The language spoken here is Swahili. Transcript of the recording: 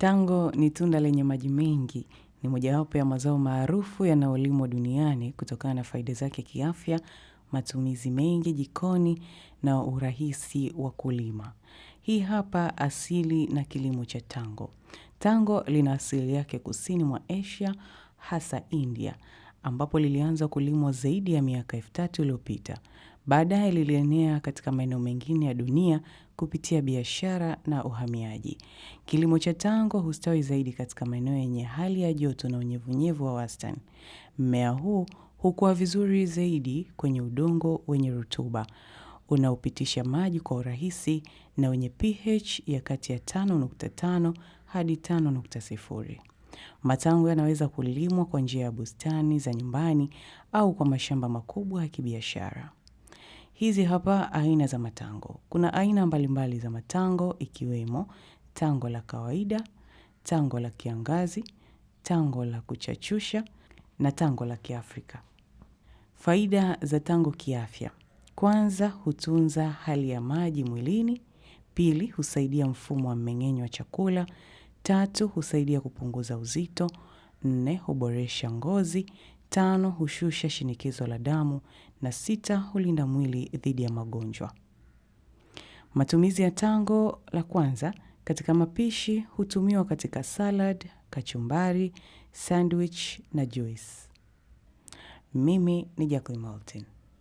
Tango ni tunda lenye maji mengi, ni mojawapo ya mazao maarufu yanayolimwa duniani kutokana na faida zake kiafya, matumizi mengi jikoni na urahisi wa kulima. Hii hapa asili na kilimo cha tango. Tango lina asili yake kusini mwa Asia, hasa India, ambapo lilianza kulimwa zaidi ya miaka elfu tatu iliyopita. Baadaye lilienea katika maeneo mengine ya dunia kupitia biashara na uhamiaji. Kilimo cha tango hustawi zaidi katika maeneo yenye hali ya joto na unyevunyevu wa wastani. Mmea huu hukua vizuri zaidi kwenye udongo wenye rutuba unaopitisha maji kwa urahisi na wenye pH ya kati ya 5.5 hadi 5.0. Matango yanaweza kulimwa kwa njia ya bustani za nyumbani au kwa mashamba makubwa ya kibiashara. Hizi hapa aina za matango. Kuna aina mbalimbali za matango ikiwemo tango la kawaida, tango la kiangazi, tango la kuchachusha na tango la Kiafrika. Faida za tango kiafya. Kwanza, hutunza hali ya maji mwilini. Pili, husaidia mfumo wa mmeng'enyo wa chakula. Tatu, husaidia kupunguza uzito. Nne, huboresha ngozi tano hushusha shinikizo la damu na sita hulinda mwili dhidi ya magonjwa. Matumizi ya tango la kwanza katika mapishi hutumiwa katika salad, kachumbari, sandwich na juice. Mimi ni Jacqueline Martin.